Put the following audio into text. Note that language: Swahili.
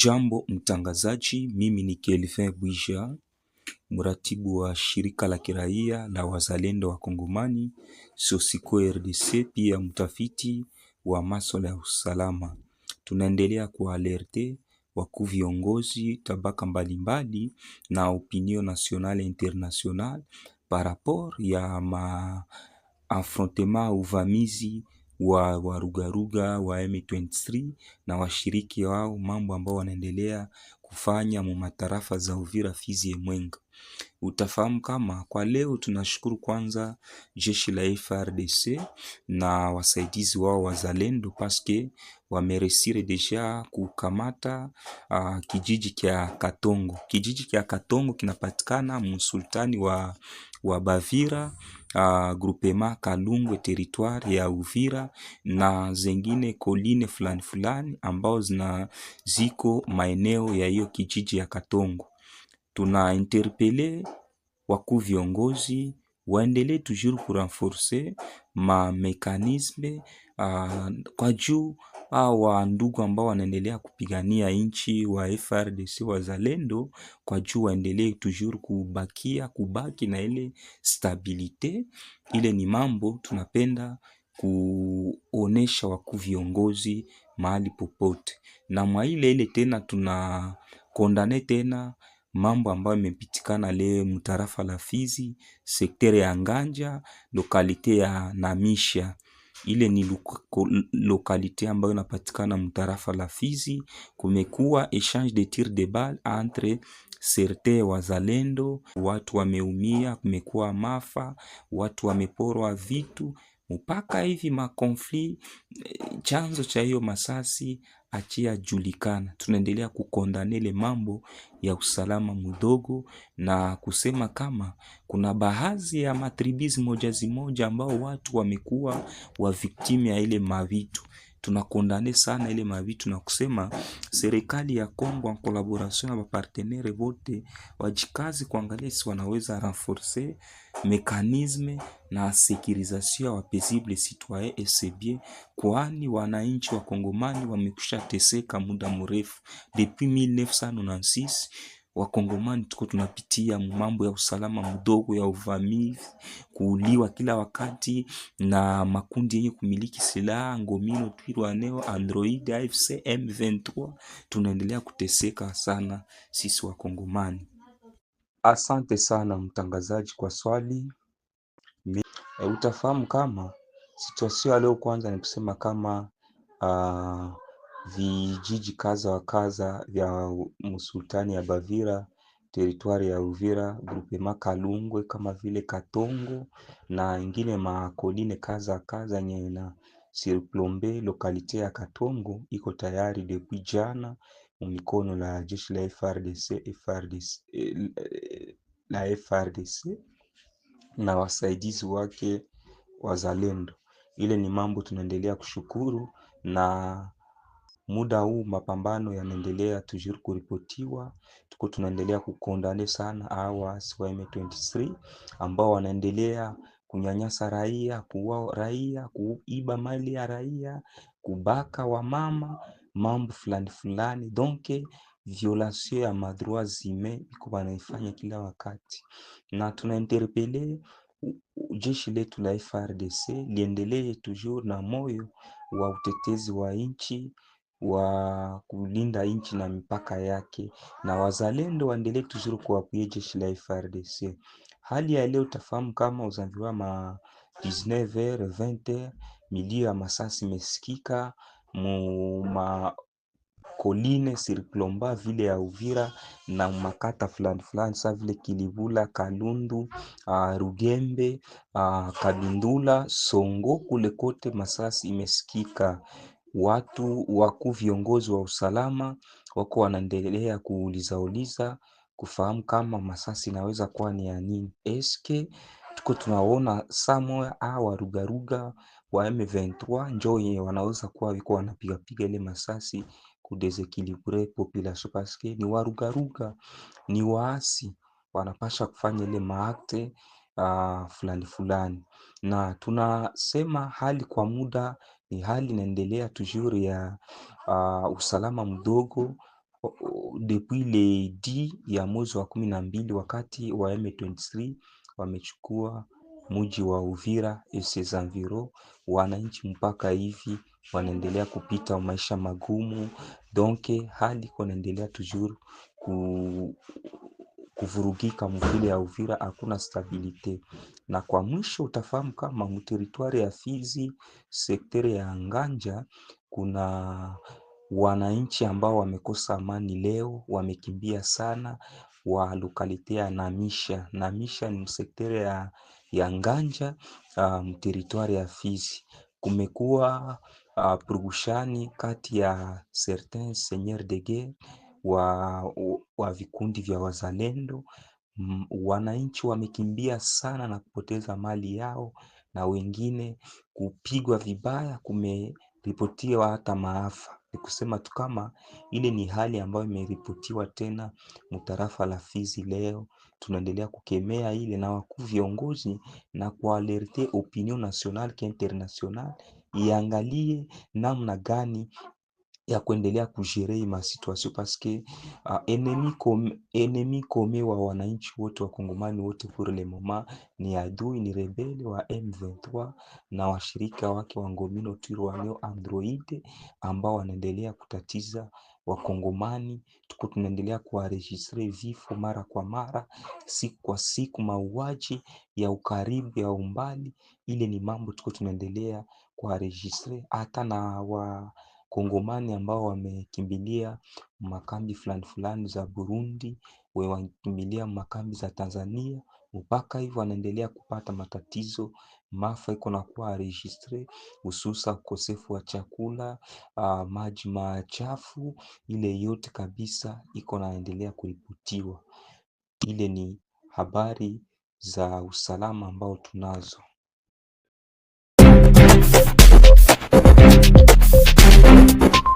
Hujambo mtangazaji, mimi ni Kelvin Bwija, mratibu wa shirika la kiraia la wazalendo wa Kongomani Sosiko RDC, pia mtafiti wa masuala ya usalama. Tunaendelea kualerte wakuu viongozi tabaka mbalimbali na opinion nationale international par rapport ya ma affrontement uvamizi wa warugaruga wa M23 na washiriki wao mambo ambao wanaendelea kufanya mu matarafa za Uvira, Fizi, Mwenga. Utafahamu kama kwa leo tunashukuru kwanza jeshi la frdc na wasaidizi wao wazalendo, paske wameresire deja kukamata uh, kijiji kya Katongo. Kijiji kya Katongo kinapatikana msultani wa, wa Bavira uh, ah, grupema Kalungwe territoire ya Uvira na zengine koline fulani fulani ambao zina ziko maeneo ya hiyo kijiji ya Katongo tunainterpele wakuu viongozi waendele toujur kurenforce mamekanisme uh, ah, kwa juu awa ndugu ambao wanaendelea kupigania nchi wa FRDC wazalendo, kwa juu waendelee toujur kubakia kubaki na ile stabilite. Ile ni mambo tunapenda kuonesha wakuu viongozi mahali popote, na mwa ile ile tena kondane tena mambo ambayo imepitikana leo mtarafa la Fizi, sekter ya Nganja, lokalite ya Namisha. Ile ni lokalite ambayo inapatikana mtarafa la Fizi. Kumekuwa echange de tir de bal entre serte wazalendo, watu wameumia, kumekuwa mafa, watu wameporwa vitu mpaka hivi makonfli eh, chanzo cha hiyo masasi achia julikana. Tunaendelea ile mambo ya usalama mdogo na kusema kama kuna baadhi ya matribizi moja zimoja ambao watu wamekuwa wa viktimu ya ile mavitu tunakondane sana ile mavitu na kusema serikali ya Kongo en collaboration na mapartenere vote wajikazi kuangalia si wanaweza renforcer mekanisme na securisation ya wapesible citoyen esebie, kwani wananchi wa Kongomani wamekusha teseka muda mrefu depuis 1996 Wakongomani tuko tunapitia mambo ya usalama mdogo ya uvamizi, kuuliwa kila wakati na makundi yenye kumiliki silaha Ngomino, Twirwaneho, Android, AFC, M23. Tunaendelea kuteseka sana sisi Wakongomani. Asante sana mtangazaji kwa swali. E, utafahamu kama situasio ya leo kwanza ni kusema kama uh, Vijiji kadha wa kadha vya Msultani ya Bavira teritwari ya Uvira grupema Kalungwe kama vile Katongo na ingine makoline kadha kadha yenye na sirplombe lokalite ya Katongo iko tayari depuis jana mikono la jeshi la FRDC, FRDC eh, la FRDC na wasaidizi wake wazalendo. Ile ni mambo tunaendelea kushukuru na muda huu mapambano yanaendelea tujur kuripotiwa, tuko tunaendelea kukondane sana hawa M23 ambao wanaendelea kunyanyasa raia, kuua raia, kuiba mali ya raia, kubaka wamama, mambo fulani fulani donke violation ya madroit zime iko wanaifanya kila wakati, na tunainterpele jeshi letu la FRDC liendelee toujours na moyo wa utetezi wa nchi wa kulinda nchi na mipaka yake, na wazalendo waendelee tuzuri kuwapuye jeshi la frdc Hali ya leo utafahamu kama uzambiwa ma 19h 20h, milio ya masasi imesikika mu ma koline sirklomba vile ya Uvira na makata fulani fulani sa vile Kilibula, Kalundu, uh, Rugembe, uh, Kabindula, Songo, kule kote masasi imesikika watu wakuu viongozi wa usalama wako wanaendelea kuuliza uliza kufahamu kama masasi inaweza kuwa ni ya nini. Eske tuko tunaona somewhere au warugaruga wa M23 njoo yenye wanaweza kuwa wiko wanapigapiga ile masasi kudesekilibre population paske ni warugaruga, ni waasi wanapasha kufanya ile maakte uh, fulani fulani, na tunasema hali kwa muda hali inaendelea tujuru ya uh, usalama mdogo depuis le 10 ya mwezi wa kumi na mbili wakati wa M23 wamechukua muji wa Uvira ses environs, wananchi mpaka hivi wanaendelea kupita maisha magumu, donc hali iko inaendelea toujours ku kuvurugika mvile ya Uvira hakuna stabilite, na kwa mwisho utafahamu kama mteritwari ya Fizi sektere ya Nganja kuna wananchi ambao wamekosa amani leo, wamekimbia sana wa lokalite ya Namisha. Namisha ni msektere ya, ya Nganja uh, ah, mteritwari ya Fizi. Kumekuwa uh, purugushani kati ya certain seigneur de guerre wa wa vikundi vya wazalendo. Mm, wananchi wamekimbia sana na kupoteza mali yao na wengine kupigwa vibaya, kumeripotiwa hata maafa. Ni kusema tu kama ile ni hali ambayo imeripotiwa tena mtarafa la Fizi leo. Tunaendelea kukemea ile na wakuu viongozi na kualerte opinion nationale ke international iangalie namna gani ya kuendelea kujirei masituasio paske uh, ah, enemi kome, enemi kome wa wananchi wote wakongomani wote pour le moment ni adui ni rebeli wa M23 na washirika wake wa Ngomino Twirwaneho Android ambao wanaendelea kutatiza Wakongomani. Tuko tunaendelea kuwaregistre vifo mara kwa mara, siku kwa siku, mauaji ya ukaribu ya umbali, ile ni mambo tuko tunaendelea kuwaregistre hata na wa kongomani ambao wamekimbilia makambi fulani fulani za Burundi, wakimbilia makambi za Tanzania, mpaka hivi wanaendelea kupata matatizo. Maafa iko na kuwa registre, hususa ukosefu wa chakula, uh, maji machafu, ile yote kabisa iko naendelea kuripotiwa. Ile ni habari za usalama ambao tunazo. Thank you.